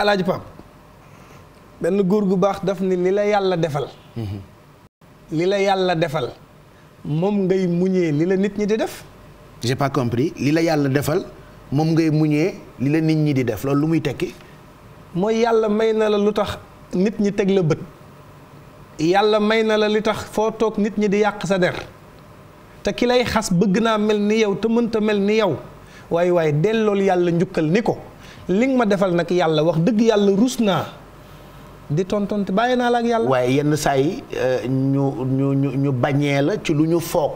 alaaji Pap benn góor gu baax daf ni li la yàlla defal li la yàlla defal moom ngay muñee li la nit ñi di def j'ai li la yàlla defal moom ngay muñee li la nit ñi di def loolu lu muy tekki mooy yàlla may na la lu tax nit ñi teg la bët yàlla may na la li tax foo toog nit ñi di yàq sa der te ki lay xas bëgg naa mel ni yow te mënta mel ni yow waaye waaye dellool yàlla njukkal ni ko li nga ma defal nag yàlla wax dëgg yàlla rus naa di tontonte bàyyi naa la ak yàlla. waaye yenn saay yi euh, ñu ñu ñu ñu bañee la ci lu ñu foog.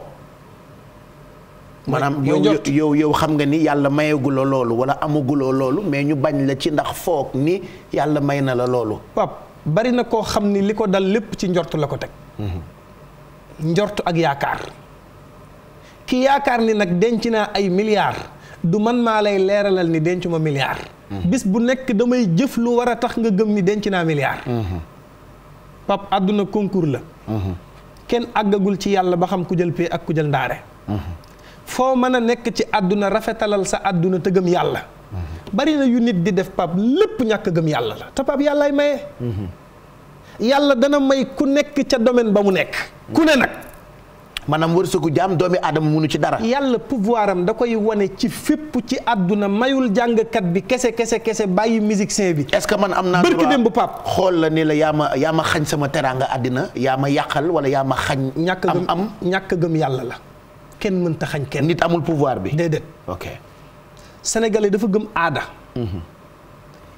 maanaam yow yow xam nga ni yàlla mayaguloo loolu wala amaguloo loolu mais ñu bañ la ci ndax foog ni yàlla may na la loolu. pap bari na koo xam ni li ko dal lépp ci njort la ko teg. Mhm. njort ak yaakaar. ki yaakaar ni nag denc naa ay milliards du man maa lay leeralal ni denc ma milliards. bis bu nekk damay jëf lu war a tax nga gëm ni denc naa milliard mhm. pap àdduna concours la mhm. kenn àggagul ci yàlla ba xam ku jël pee ak ku jël ndaare mhm. foo mën a nekk ci àdduna rafetalal sa àdduna te gëm yàlla bari na yu nit di def pap lépp ñàkk gëm yàlla la te pap yàllaay maye yàlla dana may ku nekk ca domaine ba mu nekk ku ne nag maanaam wërsëgu jaam doomi aadama munu ci dara. yàlla pouvoir am da koy wane ci fépp ci àdduna mayul jàngkat bi kese kese kese bàyyi musicien bi. est-ce que man am naa. bërki démb pap xool la ni la yaa ma xañ sama teraanga àddina yaa ma yàqal wala yaa ma xañ. ñàkk am am ñàkk gëm yàlla la. kenn mënta xañ kenn. nit amul pouvoir bi. déedéet ok. sénégalais dafa gëm aada. Mhm.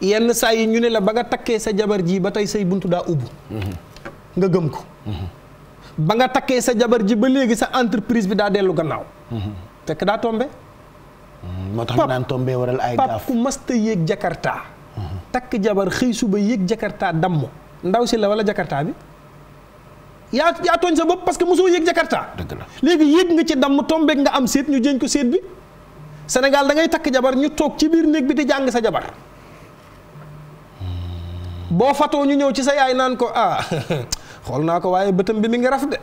yenn saa yi ñu ne la ba nga takkee sa jabar jii ba tey say buntu daa ubbu. Mhm. nga gëm ko. Mhm. ba nga takkee sa jabar ji ba léegi sa entreprise bi daa dellu gannaaw. fekk daa tombé. moo tax ñu naan tombé waral ay gaaf ku masta yéeg jakarta takk jabar xëy suba yéeg jakarta damm ndaw si la wala jakartaa bi. yaa yaa tooñ sa bopp parce que mosoo yéeg jakarta dëgg la léegi yéeg nga ci damm tombeek nga am seet ñu jëñ ko seet bi Sénégal da ngay takk jabar ñu toog ci biir néeg bi di jàng sa jabar hmm. boo fatoo ñu ñëw ci sa yaay naan ko ah xool naa ko waaye bëtam bi ni ngi raf de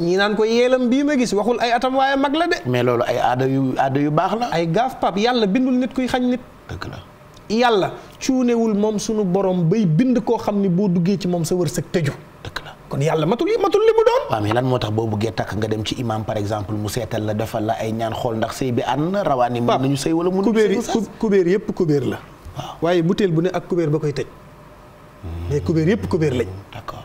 ñii naan ko yeelam bii ma gis waxul ay atam waaye mag la de. mais loolu ay aada yu aada yu baax la. ay gaaf pap yàlla bindul nit kuy xañ nit. la yàlla cuunewul moom sunu borom bay bind koo xam ni boo duggee ci moom sa wërsëg tëju. dëgg la kon yàlla matul matul li mu doon. waaw mais moo tax boo buggee takk nga dem ci imam par exemple mu seetal la defal la ay ñaan xool ndax sëy bi ànd na rawaani. mën nañu sëy wala mënuñu sëy sax kubéer yëpp kubéer la. waaw waaye butéel bu ne ak kubéer ba koy tëj. Hmm. mais kubéer yëpp kubéer lañ. d'accord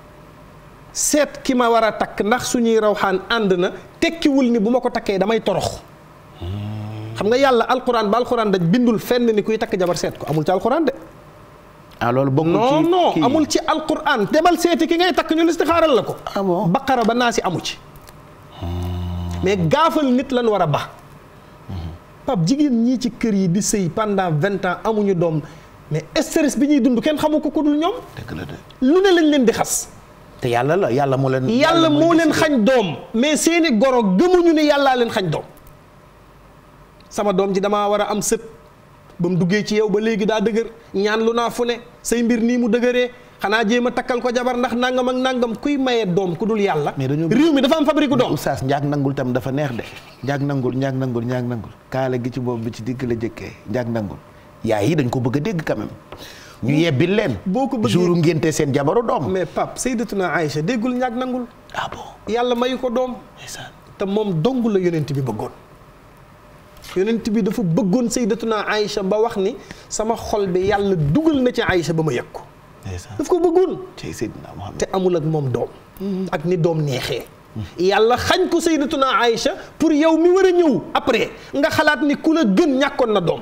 seet ki ma war a takk ndax suñuy rawxaan ànd na tekkiwul ni bu ma ko takkee damay torox xam nga yàlla alxuraan ba alxuraan daj bindul fenn ni kuy takk jabar seet ko amul ci alxuraan de ah loolu bokkul ci non amul ci alquran demal seeti ki ngay takk ñu listixaaral la ko. ah bon baqara ba naa si amu ci. mais gaafal nit lan war a ba. pap jigéen ñii ci kër yi di sëy pendant vingt ans amuñu doom mais stress bi ñuy dund kenn xamu ko ko dul ñoom. lu ne lañ leen di xas. te yàlla la yàlla moo leen. yàlla moo leen xañ doom mais seeni goro gëmuñu ni yàllaa leen xañ doom sama doom ji damaa war a am sët ba mu duggee ci yow ba léegi daa dëgër ñaan lu naa fu ne say mbir nii mu dëgëree xanaa jéem a takkal ko jabar ndax nangam ak nangam kuy maye doom ku dul yàlla. mais dañoo réew mi dafa am fabrique doom. oustaz njaag nangul tam dafa neex de. njaag nangul njaag nangul njaag kaala gi ci boobu bi ci digg la jëkkee njaag nangul yaay yi dañ ko bëgg a dégg quand ñu yebbil leen. boo ko bëggee jour ngénte seen jabaru doom. mais Pape Sayyidatuna Aïcha déggul ñaag nangul. ah yàlla mayu ko doom. te moom dong la yonent bi bëggoon. yonent bi dafa bëggoon naa Aïcha ba wax ni sama xol bi yàlla dugal na ci Aïcha ba ma yëg ko. daf ko bëggoon. te amul ak moom doom. ak ni doom neexee. yàlla xañ ko naa Aïcha pour yow mi war a ñëw après nga xalaat ni ku la gën ñàkkoon na doom.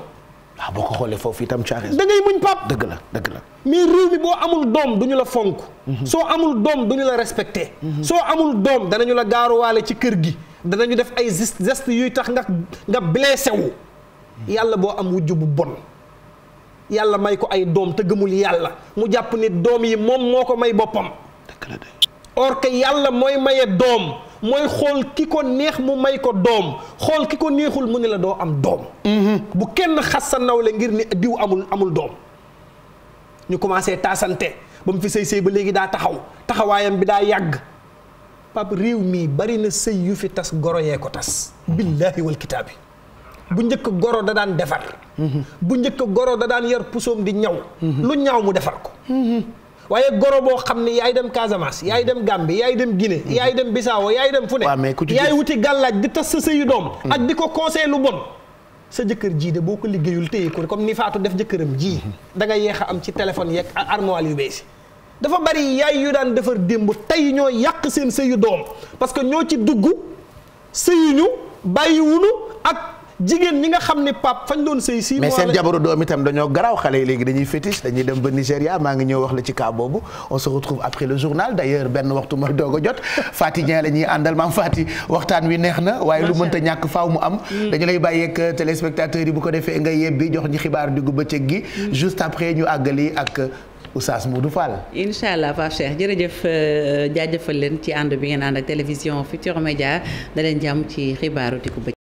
waaw boo ko xoolee foofu itam ci da ngay muñ papp dëgg la dëgg la mais réew mi boo amul doom du ñu la fonk mhm. soo amul doom du ñu la respecté mhm. soo amul doom danañu la gaaruwaale ci kër gi danañu def ay geste yuy tax nga nga blessé sew mhm. yàlla boo am wujj bu bon yàlla may ko ay doom te yàlla mu jàpp ni doom yi moom moo ko may boppam or que yàlla mooy maye doom mooy xool ki ko neex mu may ko doom xool ki ko neexul mu ne la doo am doom mhm. bu kenn xas sa nawle ngir ne diw amul amul doom ñu commencé taasante ba mu fi sëy sëy ba léegi daa taxaw taxawaayam bi daa yàgg pap réew mii bari na sëy yu fi tas goro yee ko tas billaahi wal bu njëkk goro da daan defar mhm. bu njëkk goro da daan yar pusoom di ñaw mhm. lu ñaaw mu defar ko waaye goro boo xam ne yaay dem Casamance yaay dem gàmbi yaay dem Guinée yaay dem Bissau yaay dem fu ne yaay wuti gàllaaj di tas sa sëyu doom ak di ko conseil lu bon sa jëkkër jii de boo ko liggéeyul téye ko comme ni Fatou def jëkkëram jii da nga yeex a am ci téléphone yeeg armoil yu bees dafa bari yaay yu daan defar démb tey ñoo yàq seen sëyu doom parce que ñoo ci dugg sëyuñu bàyyiwuñu ak jigéen ñi nga xam ne pap fañ doon sëy si mais seen jabaru doom itam dañoo garaaw xale yi léegi dañuy fétiche dañuy dem ba Nigéria maa ngi ñëw wax la ci cas boobu on se retrouve après le journal d'ailleurs benn waxtu mooy doog a jot Fati Dieng la ñuy àndal maam Fati waxtaan wi neex na waaye lu mënta ñàkk faaw mu am mm. dañu lay bàyyeek euh, téléspectateurs yi bu ko defee nga yebbi jox ñi xibaar diggu bëccëg gi mm. juste après ñu àggali ak euh, Oustaz Modou Fall. incha allah Pape Cheikh jërëjëf euh, jaajëfal leen ci ànd bi ngeen ànd ak télévision Futurs Médias da leen jàmm ci xibaaru